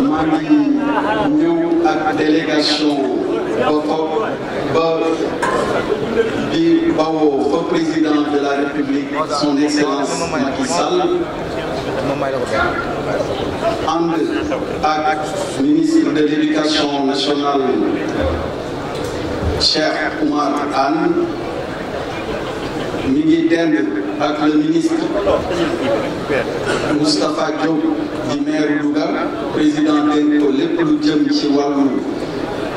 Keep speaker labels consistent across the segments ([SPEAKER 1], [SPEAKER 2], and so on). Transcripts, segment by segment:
[SPEAKER 1] Nous délégation président de la république son excellence Macky Sall ministre de l'éducation nationale Cheikh Oumar Anne avec le ministre Moustapha Diop di maire Louga président de ko de lu jëm ci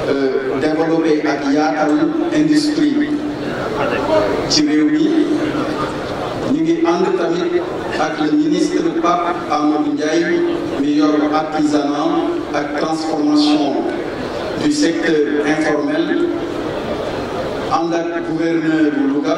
[SPEAKER 1] euh, développé ak yaatal industrie qui ci réew mi le ministre Pape Amadou Ndiaye meilleur meilleur artisanat ak transformation du secteur informel avec le gouverneur Louga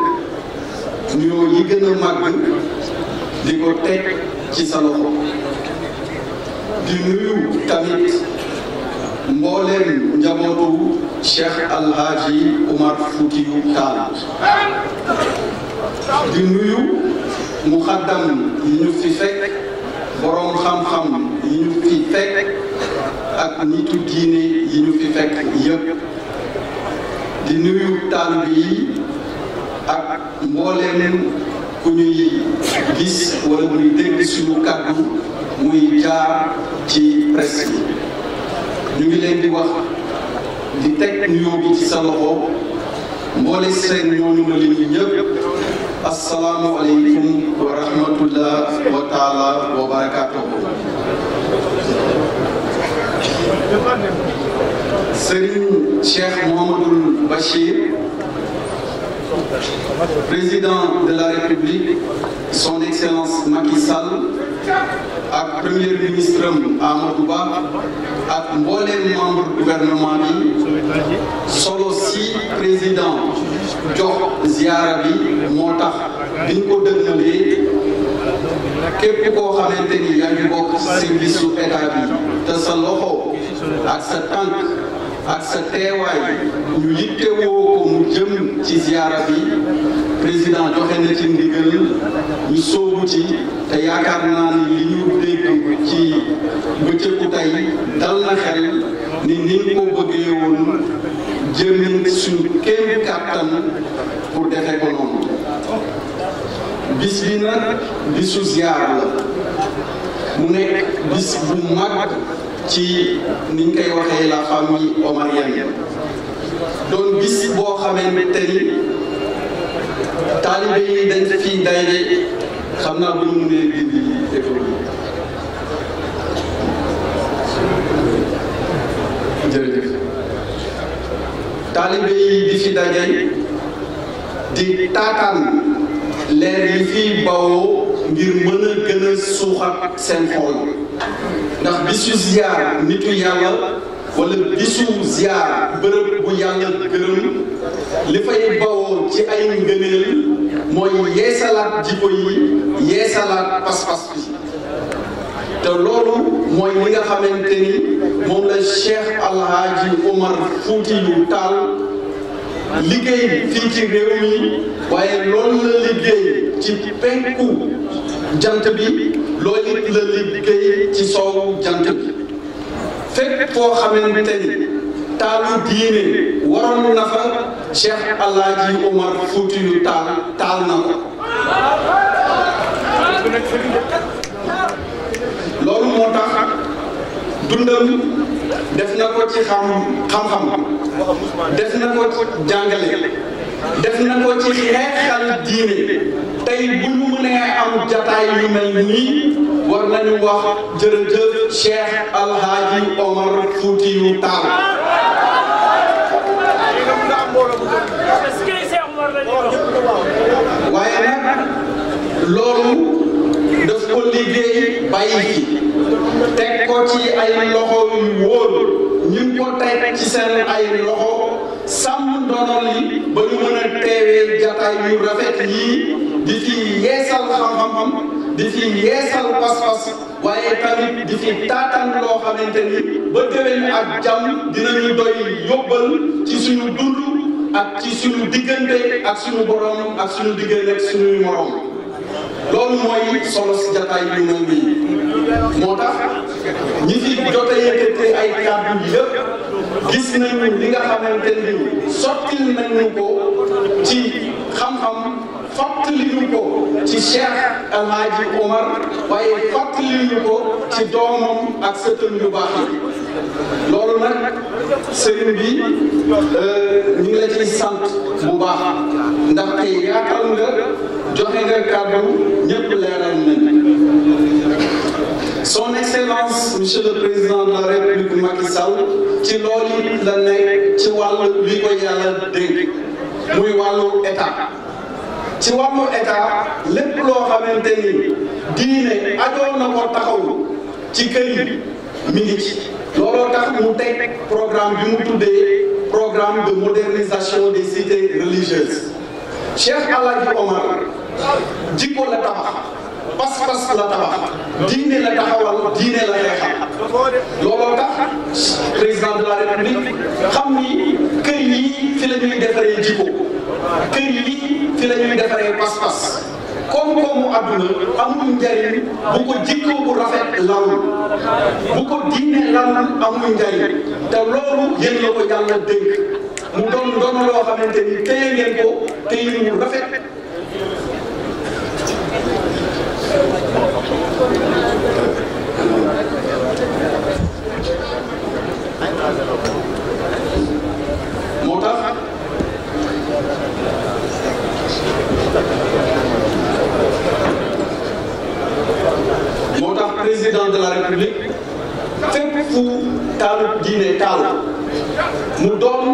[SPEAKER 1] nuyoo yi gën a màgg di ko teg ci sa loxo di nuyu tamit mbooleem njabootu Cheikh Alhaji Umar Foutiyu Taal di nuyu muxaddam yi ñu fi fekk boroom xam-xam yi ñu fi fekk ak nitu diine yi ñu fi fekk yépp di nuyu taalibe yi ak mbooleem ku ñuy gis wala muy dégg suñu kàddu muy jaar ci presse bi ñu leen di wax di teg nuyoo bi ci sa loxo mboole seen ñooñu ma lim ñëpp asalaamualeykum wa rahmatullah wa taala wa barakatuhu Serigne Cheikh président de la République, son Excellence Macky Sall et premier ministre Amadou Ba ak membres du gouvernement seul solo président Djok Ziarabi, Mota, Binko de biñ ko dëgnalee képp koo xamante ni service ak sa teewaay ñu yittewoo ko mu jëm ci ziyaara bi président joxe na ci ndigal ñu sóobu ci te yaakaar naa ni li ñu dégg ci bëccëgu tey dal na xel ni ni ko bëggee woon jëmin suñu kéem kàttan pour defe ko noonu bis bi nag bisu ziyaar la mu nekk bis bu mag ci niñ koy waxee la famille omarienne doon bis boo xamante ni taalibe yi dañ fi daje xam naa bu ñu mënee dindi effort yi jërëjëf yi di fi daje di taataan leer yi fiy bawoo ngir mën a gën a suuxat seen xol ndax bisu ziar nitu yàlla wala bisu ziar bërëb bu yàlla gërëm li fay bawoo ci ay ngëneel mooy yeesalaat jikko yi yeesalaat pas bi te loolu mooy li nga xamante ni moom la Cheikh Alhaji Omar Foutiyou Tall liggéey fii ci réew mi waaye loolu la liggéey ci penku jant bi loolu it la liggéey ci soow jant bi fépp foo xamante ni taalu diine waroon na fa Cheikh Alaaji Omar Foutiyou Taal taal na ko loolu moo tax dundam def na ko ci xam xam-xam def na ko ci jàngale def na ko ci xeexal diine yu mel nii waaye nag loolu daf ko liggéey bàyyi ci teg ko ci ay loxo yu wóor ñu ko teg ci seen ay loxo sàmm ndonol yi ba ñu mën a teewee jataay yu rafet yi. di fi yeesal xam-xam di fi yeesal pas waaye tamit di fi taataan loo xamante ni ba déwén ak jàmm dinañu doy yóbbal ci suñu dund ak ci suñu diggante ak suñu borom ak suñu diggante ak suñuy morom loolu mooy solo si jataay bi moom bi moo tax ñi fi jote yëkkate ay kàddu yëpp gis nañu li nga xamante ni sottil nañu ko ci fàttaliñu ko ci Cheikh El Hadji Omar waaye fàttaliñu ko ci doomam ak sëtam yu baax lool loolu nag sëriñ bi euh, ñu ngi sant bu baax ndaxte yaatal nga joxe nga kàddu ñëpp leeral nañ son excellence monsieur le président de la république Macky ci lool la nekk ci wàllu li ko yàlla dénk muy wàllu état ci wàllu état lepp lo xamanteni diine ajoon na ko taxaw ci keuy mi ngi ci lolo tax mu programme bi mu tuddé programme de modernisation des cités religieuses Cheikh Alhaji Omar jikko la tabax pas-pas la tabax diine la taxawal diine la xeexal lolo tax président de la république xam ni keuy yi fi la ñuy jikko keuy yi defaree pas-pas koom-koomu adduna amul njariñ bu ko jikko bu rafet lawul bu ko diine lawul amul njariñ te loolu yéen la ko yàlla dénk mu doon doon loo xamante ni téye ngeen ko téye rafet. àdduna bi fépp fu taalu diine taalu mu doon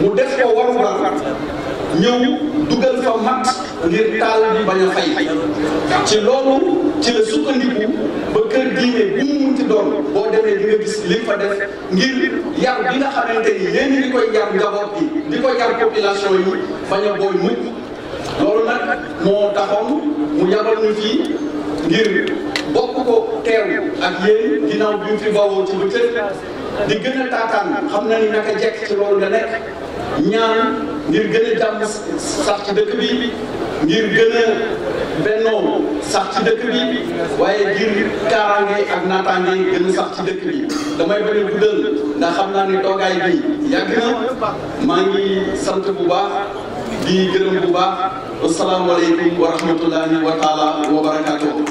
[SPEAKER 1] mu def ko waru ba ñëw dugal fa mat ngir taal bi bañ a fay ci loolu ci la sukkandiku ba kër diine bi mu munti doon boo demee di nga gis li fa def ngir yar bi nga xamante ni yéen di koy yar njaboot bi di ko yar population yi bañ a booy mukk loolu nag moo taxoon mu yabal ñu fii ngir bokk ko teew ak yéen ginnaaw bi mu fi bawoo ci bëccëg di gën a taataan xam na ni naka jekk ci loolu nga nekk ñaan ngir gën a jàmm sax ci dëkk bi ngir gën a bennoo sax ci dëkk bi waaye ngir kaaraange ak naataange gën a sax ci dëkk bi damay bañ a guddal ndax xam naa ni toogaay bi yàgg na maa ngi sant bu baax di gërëm bu baax asalaamaaleykum wa rahmatullahi wa taala